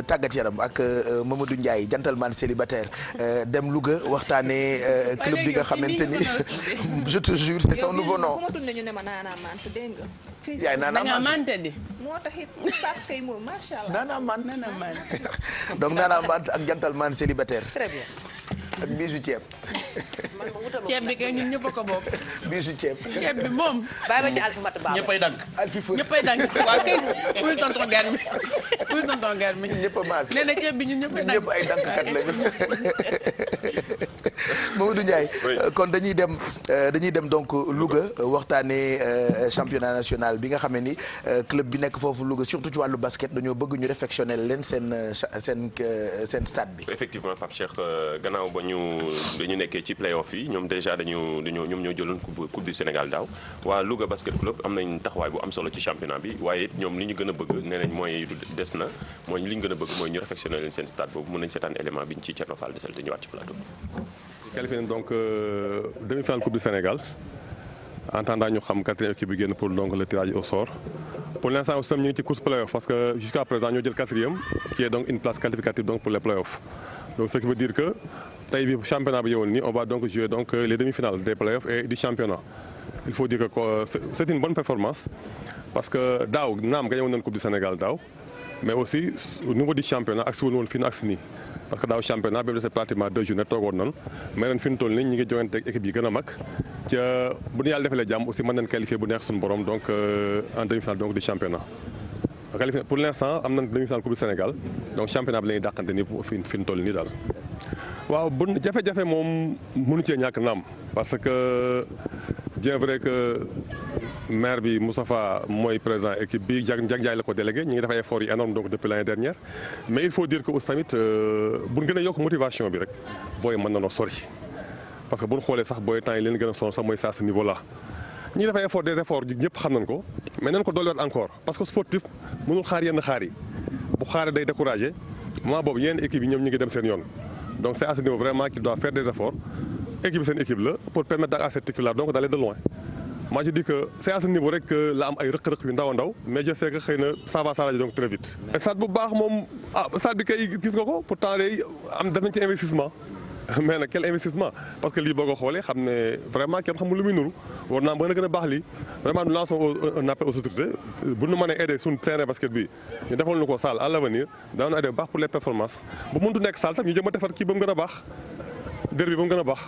tàggat yaram ak euh, Mamadou Ndiaye gentleman célibataire euh, dem Louga waxtaanee euh, club bi nga xamante ni je te jure c'est son nouveau nom. yaay naanaa mant di moo taxit kay moom macha allah donc naanaa mant ak gentleman célibataire ak biisu ceeb. ceeb bi kay ñun ñëpp a ko bokk. biisu ceeb. ceeb bi moom. bàyyi ba ci alfi mat baax ñëppay dànk. alfi fër ñëppay dànk waaw kay kuy tonton gar mi kuy tonton gar mi. ñëpp a maas nee ceeb bi ñun ñëpp ay dànk kat lañu. Doudou Ndiaye kon dañuy dem euh, dañuy dem donc Louga waxtaanee euh, championnat national bi nga xam ne ni euh, club bi nekk foofu Louga surtout ci wàllu basket dañoo bëgg ñu réfectionner leen seen seen seen stade bi. effectivement Pape Cheikh gannaaw ba ñu dañu nekkee ci playoff yi ñoom déjà dañu dañoo ñoom ñoo jëloon coupe du Sénégal daaw waa Louga basket club am nañ taxawaay bu am solo ci championnat bi waaye it ñoom li ñu gën a bëgg nee nañ mooy des na mooy li ñu gën a bëgg mooy ñu réfectionner leen seen stade boobu mën nañ seetaan élément bi ñu ci Thierno qualifié donc euh, demi-finale Coupe du Sénégal en attendant ñu xam quatrième équipe bi génn pour donc le tirage au sort pour l'instant aussi ñu ngi ci course playoff parce que jusqu'à présent ñoo jël quatrième qui est donc une place qualificative donc pour les playoffs donc ce qui veut dire que tey bi championnat bi yowoon nii on va donc jouer donc euh, les demi-finales des playoffs et du championnat il faut dire que euh, c'est une bonne performance parce que daaw naam ga woon nañu Coupe du Sénégal daaw mais aussi au niveau du championnat ak parce que daaw championnat bi mu desee pratiquement deux journées toogoon noonu mais ren fi ñu toll nii ñu ngi joŋante équipe yi gën a mag ca bu ñu yàlla defalee jàmm aussi mën nañ qualifier bu neex suñu borom donc euh, en demi-finale donc du championnat. qualifié pour l' instant am nañ demi-finale coupe du Sénégal donc championnat bi la ñuy nii fi toll nii daal. waaw bu jafe-jafe moom mënu cee ñàkk naam parce que bien vrai que maire bi Moustapha mooy président équipe bi jag jag jaay ko délégué ñu ngi def ay efforts yu énorme donc depuis l'année dernière mais il faut dire que aussi tamit euh, buñ gën a yokk motivation bi rek booy mën na sori parce que buñ xoolee sax booy temps yi leen gën a sonn sax mooy saa ce niveau là ñu ngi effort des efforts ñëpp xam nañ ko mais nañ ko dolliwaat encore parce que sportif mënul xaar yenn xaar yi bu xaaree day découragé moment boobu ñu ngi dem seen yoon donc c'est à ce niveau moi je dis que c'est à ce niveau rek la am ay rëq-rëq yu ndaw a ndaw mais je sais xëy na ça va s'arranger donc très vite. stade bu baax moom ah stade bi kay gis nga ko pourtant day am def nañ ci investissement. mais nag quel investissement parce que lii boo ko xoolee xam ne vraiment kenn xamul lu muy nuru war naa mën a gën a baax lii vraiment nous lançons un appel bu nu mënee aider suñu terrain basket bi ñu defal ñu ko saal à l'avenir daan aider bu baax pour les performances bu mëntu a a baax derbi ba a baax.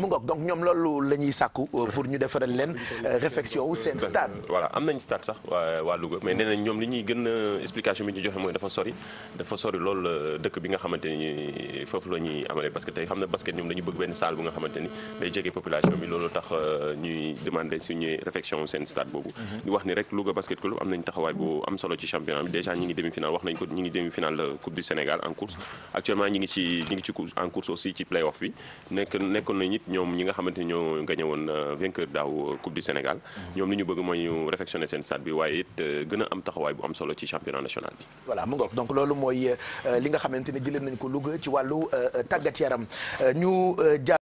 mu ngoog donc ñoom loolu la ñuy sàkku euh, pour ñu defaral leen euh, réflexion wu seen stade. Euh, voilà am nañ stade sax waa Louga mais nee ñoom li ñuy gën a explication bi ñu joxe mooy dafa sori dafa sori lool dëkk bi nga xamante ni foofu la ñuy amalee parce que tey xam na basket ñoom dañu bëgg benn salle bu nga xamante ni day jege population bi loolu tax ñuy demander suñuy réflexion wu seen stade boobu. Mhm. di wax ni rek Louga basket club am nañ taxawaay bu am solo ci championnat ñoom ñi nga xamante ni ñoo gagné woon euh, vainqueur daaw euh, coupe du Sénégal ñoom li ñu bëgg mooy ñu réfectionner seen stade bi waaye it euh, gën am taxawaay bu am solo ci championnat national bi voilà mu ngoog donc loolu mooy li nga xamante ne jëlee nañ ko Louga ci wàllu tàggat yaram ñu